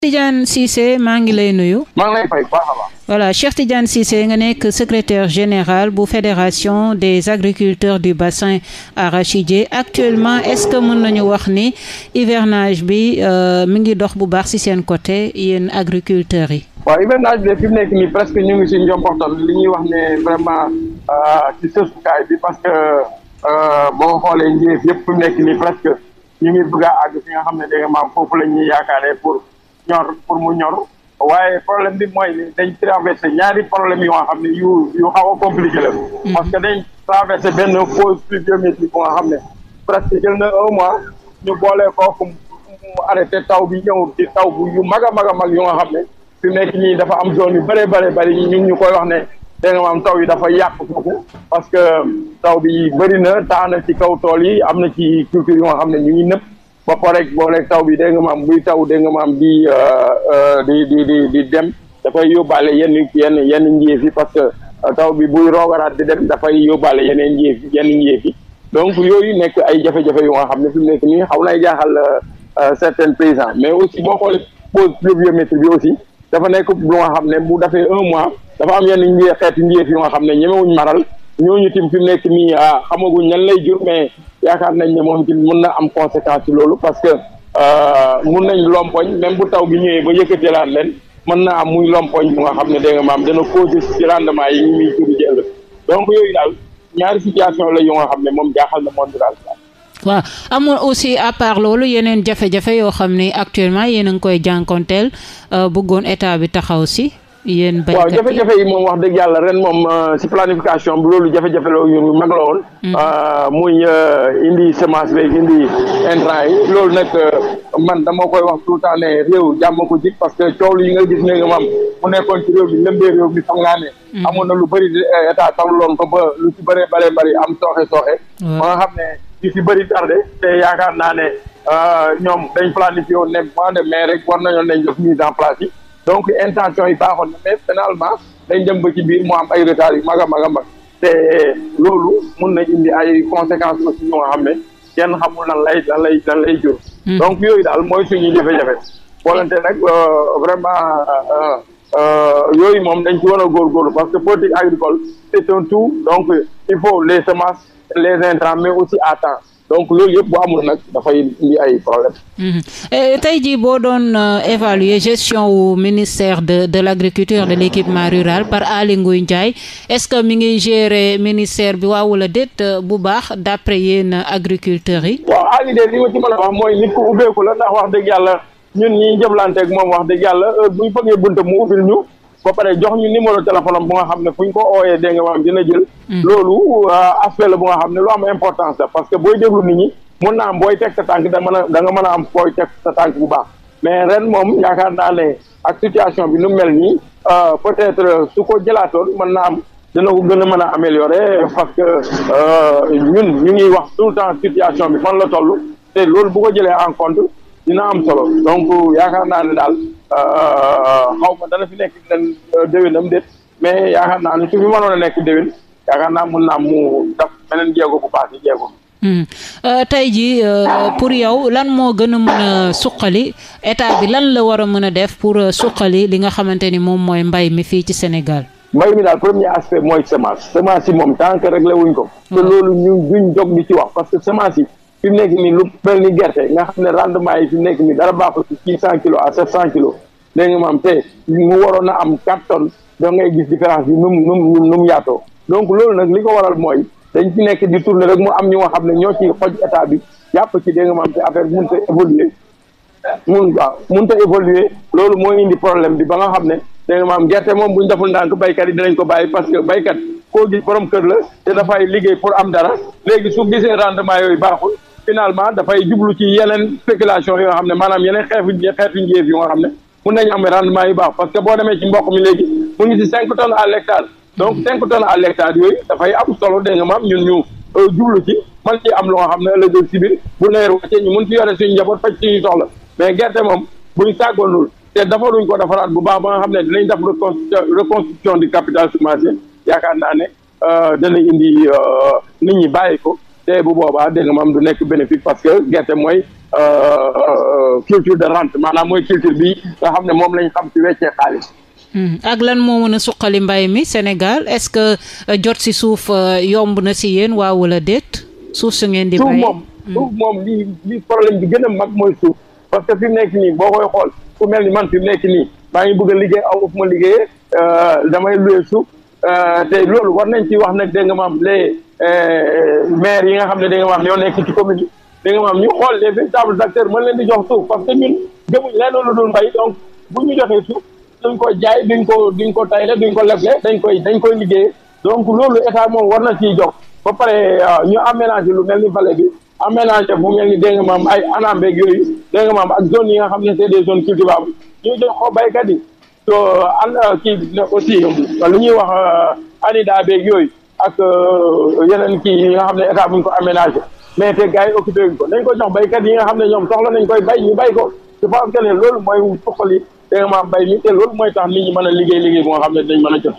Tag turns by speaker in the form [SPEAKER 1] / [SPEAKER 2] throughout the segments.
[SPEAKER 1] Cheikh Tidiane maa ngi lay nuyu. maa ngi lay fay baax a baax. voilà Cheikh Tidiane nga nekk secrétaire général bu fédération des agriculteurs du bassin arachidier actuellement est-ce que mën nañu wax ni hivernage bi euh, mi ngi dox bu baax ci seen côté yéen agriculteurs yi.
[SPEAKER 2] waaw hivernage bi fi mu nekk nii presque ñu ngi ci njomportal li ñuy wax ne vraiment euh, euh, boo xoolee njeef a nga xam ne dégg foofu la ñuy pour. ñor pour mu ñor waaye problème bi mooy dañ traversé ñaari problème yoo xam ne yu yu xaw a la. Mm-hmm. parce que dañ traversé benn pause pluviométrique bu nga xam ne presque jël na a mois ñu boole kooku mu arrêté taw bi ñëw taw bu yu mag a mag a mag yu nga xam ne si nekk dafa am zone yu bëree bëri bëri ñu ñu koy wax ne. dégg nga taw yi dafa yàq foofu parce que taw bi bëri na taa na ci kaw tool yi am na ci culture yoo xam ne ñu ngi ba pare booleeg taw bi dégg nga am buy taw dégg nga maam di euh, euh, di di di di dem dafay yóbbaale yenn yenn yenn njief yi parce que euh, taw bi buy roogaraat di dem dafay yóbbaale yeneen njief yenn njief yi donc yooyu nekk ay jafe-jafe yu nga xam ne fi mu nekk nii xaw nay jaaxal certains paysans mais aussi boo xoolee pause pluviométrie bi aussi dafa nekk lu nga xam ne bu defee un mois dafa am yenn njie xeeti njief yu nga xam ne ñemewuñ maral ñooñu tim fi mu nekk nii ah, xamaguñ lan lay jur mais yaakaar nañ ne moom tim mën na am conséquence ci loolu parce que euh, mun nañ lompoñ même bu taw bi ñëwee ba yëkkatilaat leen mën na am muy lompoñ bu nga xam ne dégg nga maam dana causé ci rendement yi ñu muy jur ji ëllëg donc yooyu daal ñaari situation la yu nga xam ne moom jaaxal na monde rural
[SPEAKER 1] waaw amul aussi à loolu yeneen jafe-jafe yoo xam ne actuellement yéen a ngi koy jànkonteel euh, bëggoon état bi taxaw si yéen baykat waaw jafe-jafe
[SPEAKER 2] yi moom wax dëgg yàlla ren moom euh, si planification bi loolu jafe-jafe la yu mag la mm-hmm. euh, muy euh, indi semence beeg indi intrant yi loolu nag man dama koy wax tout le temps ne réew jàmm ko jig parce que coow yi nga gis ne nga maam mu nekkoon ci réew mi lëmbee réew mi xam naa mm-hmm. amoon na lu bëri état tawloon ko ba lu ci bëree bëree am sooxe sooxe. ba nga xam ne li si bëri tardé te yaakaar naa ne ñoom dañ planifié woon nekk mois de mai rek war nañoo nañ def yi. donc intention yi baaxoon na mais finalement dañ dem ba ci biir mu am ay retard yu mag a mag a loolu mun na indi ay conséquences aussi ñu nga xam ne kenn xamul nan lay nan lay nan lay jur. Hmm. donc yooyu daal mooy suñuy jafe-jafe. volonté nag euh, vraiment euh, euh, yooyu moom dañ ci war a góorgóorlu parce que politique agricole c'est un tout donc il faut les semences les intrants mais aussi à temps. donc loolu yëpp bu amul nag dafay indi ay problème mhm.
[SPEAKER 1] eh, tey jii boo doon euh, évaluer gestion wu ministère de de l'agriculture de l'équipement rural par Aly Ngouille Ndiaye est-ce que mi ngi gérer ministère bi waaw wala déet euh, bu baax d'après yéen agriculteurs
[SPEAKER 2] yi waaw Aly de li ma ci mën a wax mooy nit ku ubbeeku la ndax wax dëgg yàlla ñun ñi jëflante moom wax dëgg yàlla bu ñu bunta mu ubbil ñu ba pare jox ñu numéro téléphone am bu nga xam ne fu ñu ko ooyee dégg nga maam dina jël. Mm. loolu euh, aspect la bu nga xam ne lu am importance la parce que booy déglu nit ñi mun na am booy teg sa tànk da mën a da mën a am booy teg sa tànk bu baax mais ren moom yaakaar naa ne ak situation bi nu mel nii euh, peut-être euh, su ko jëlaatoon mën naa am. dina ko gën a mën a améliorer parce que ñun ñu ngi wax tout le temps situation bi fan la toll te loolu bu ko jëlee en compte dina am solo donc yaakaar naa ne daal Euh, xaw ma dana fi nekk leen euh, déwénam déet mais yaakaar naa ne su fi mënoon a nekk déwén yaakaar naa mun naa mu daf beneen jéego bu baax yi jéego.
[SPEAKER 1] Hmm. Euh, tey jii pour yow lan moo gën a mën a suqali état bi lan la war a mën a def pour suqali li nga xamante ni moom mooy mbay mi fii ci Sénégal.
[SPEAKER 2] mbay mi daal premier aspect mooy semence semence yi moom tant que réglé wuñ ko. te loolu ñu duñ di ci wax parce que semence yi. fi mu nekk nii lu mel ni gerte nga xam ne rendement yi fi nekk nii dara baaxul ci six cent kilos à sept cent kilos dégg nga maam te mu waroon a am quatre tonnes da ngay gis différence bi nu mu nu mu nu mu yaatoo donc loolu nag li ko waral mooy dañ ci nekk di tourner rek mu am ñu nga xam ne ñoo ci xoj état bi jàpp ci dégg nga maam te affaire mënut a évoluer mun waaw mënut a évoluer loolu moo indi problème bi ba nga xam ne dégg maam gerte moom bu ñu deful ndànk baykat yi danañ ko bàyyi parce que baykat koo gis borom kër la te dafay liggéey pour am dara léegi su gisee rendement yooyu baaxul. finalement dafay jublu ci yeneen spéculation yoo xam ne maanaam yeneen xeetu xeetu njeef yu nga xam ne mun nañu am rendement yu baax parce que boo demee ci mboq mi léegi mu ngi ci cinq tonnes à l'hectare donc cinq tonnes à l'hectare yooyu dafay am solo dégg nga maam ñun ñu euh, jublu ci man ci am lu nga xam ne ëllëg si biir bu nawet wàccee ñu mun ci yore suñu njaboot faj suñu soxla mais gerte moom buñ sàggoonul te defaruñ ko defaraat bu baax ba nga xam ne dinañ def reconstruction du capital semencier yaakaar naa ne euh, dana indi euh, nit ñi bàyyi ko te bu boobaa dégg nga moom du nekk bénéfique parce que gerte mooy euh, euh, euh, culture de rente maanaam mooy culture bi nga xam ne moom lañ xam ci weccee xaalis.
[SPEAKER 1] Hmm. ak lan moo mën a suqali mbay mi Sénégal est-ce que jot si suuf yomb na si yéen waaw wala déet suuf su ngeen di. bàyyi moom
[SPEAKER 2] hmm. suuf moom li li problème bi gën a mag mooy suuf parce que fi mu nekk nii boo koy xool ku mel ni man fi nekk nii maa ngi bëgg a liggéey aw ma liggéeyee damay loué suuf. Euh, te loolu war nañ ci wax nag dégg nga maam les euh, maires yi nga xam ne dégg nga maam ñoo nekk ci commune bi maam ñu xool les véritables acteurs mën leen di jox suuf parce que ñun gëmuñ leen mbay donc bu ñu joxee suuf duñ ko jaay duñ ko duñ ko tayle duñ ko leble dañ koy dañ koy liggéey donc loolu état moom war na ciy jox ba pare euh, ñu aménager lu mel ni vallée bi aménager bu mel ni dégg maam ay anambeeg yooyu dégg nga maam ak zone yi nga xam ne c'est des zones cultivables ñu jox ko baykat yi kii aussi lu ñuy wax euh, anida beeg yooyu ak euh, yeneen kii yi nga xam ne état buñ ko aménagé mais te gars yi occupé wuñ ko nañ ko jox baykat yi nga xam ne ñoom soxla nañ koy bay ñu bay ko je pense que ne loolu mooy foqali vraiment bay mi te loolu mooy tax nit ñi mën a liggéey liggéey bu nga xam ne dinañ mën a jot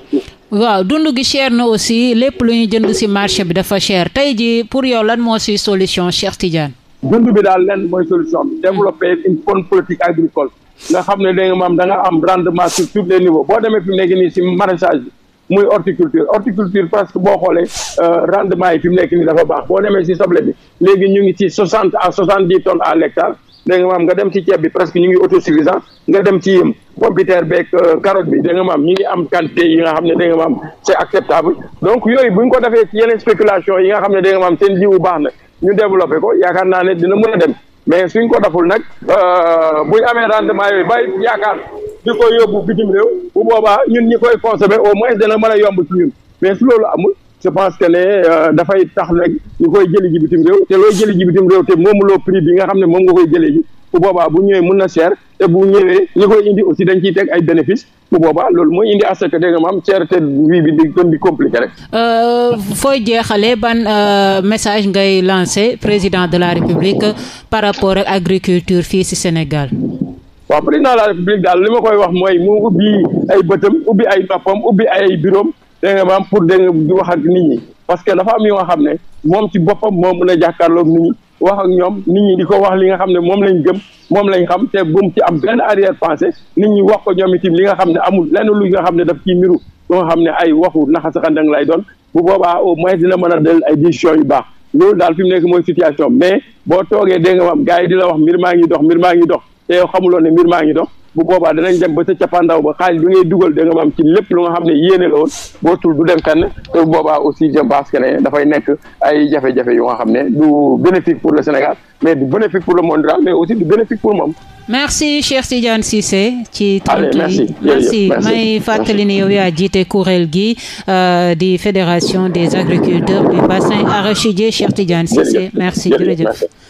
[SPEAKER 1] waaw dund gi cher na aussi lépp lu ñu jënd ci marché bi dafa cher tey jii pour yow lan moo ci solution Cheikh
[SPEAKER 2] Tidiane. dund bi daal lenn mooy solution bi développer une bonne agricole nga xam ne danga maam da nga am rendement sur tous les niveaux boo demee fi nekk nii si maraîchage bi muy horticulture horticulture presque boo xoolee euh, rendement yi fi mu nekk nii dafa baax boo demee si soble bi léegi ñu ngi ci soixante à soixante dix ton à l'hectare dégg nga nga dem ci ceeb bi presque ñu ngi autosuffisant nga dem ci yëm pompiteer beeg euh, carotte bi dégg nga maam ñu ngi am quantité yi nga xam ne dégg nga maam c'est acceptable donc yooyu bu ñu ko defee ci yeneen spéculation yi nga xam ne dégg nga maam seen jiwu baax na ñu développé ko yaakaar naa ne dina mën dem mais suñ ko deful nag euh, buñ amee rendement yooyu bàyyi yaakaar di ko yóbbu bitim réew bu boobaa ñun ñi koy consommer au moins dana mën a yomb ci ñun mais su loolu amul je pense que ne euh, dafay tax nag ñu koy jëli ji bitim réew te looy jëli ji bitim réew te moom moomuloo prix bi nga xam ne moom nga koy jëlee ji bu boobaa bu ñëwee mun na cher te bu ñëwee ñi koy indi aussi dañ ciy teg ay bénéfice bu boobaa loolu mooy indi asaka dégg nga maam cher te wii bi di gën di compliqué rek.
[SPEAKER 1] Euh, fooy jeexale ban euh, message ngay lancé président de la république par rapport ak agriculture fii ci Sénégal.
[SPEAKER 2] waaw président la république daal li ma koy wax mooy mu ubbi ay bëtam ubbi ay noppam ubbi ay buroom dégg maam pour dégg nga di wax ak nit ñi parce que dafa am yoo xam ne moom ci boppam moo mën a jàkkaarloog wax ak ñoom nit ñi di ko wax li nga xam ne moom lañ gëm moom lañ xam te bu mu ci am benn arrière pensée nit ñi wax ko ñoom itam li nga xam ne amul lenn lu nga xam ne daf ciy miru lu nga xam ne ay waxu naxasaxandang lay doon bu boobaa au moins dina mën a del ay décisions yu baax loolu daal fi mu nekk mooy situation mais boo toogee dégg nga am gars yi di la wax mbir maa ngi dox mbir maa ngi dox te xamuloo ne mbir maa ngi dox bu boobaa danañ dem ba sa cappaandaw ba xaalis bi ngay dugal da nga maam ci lépp lu nga xam ne yéene la woon bootul du dem fenn te bu boobaa aussi je pense que ne dafay nekk ay jafe-jafe yu nga xam ne du bénéfique pour le Sénégal mais du bénéfique pour le monde rural mais aussi du bénéfique pour moom.
[SPEAKER 1] merci Cheikh Tidiane Cissé. ci tontu yi merci may fàttali ni yow yaa jiite kuréel gi euh, di fédération des agriculteurs du bassin arachidier Cheikh Tidiane Cissé merci jërëjëf.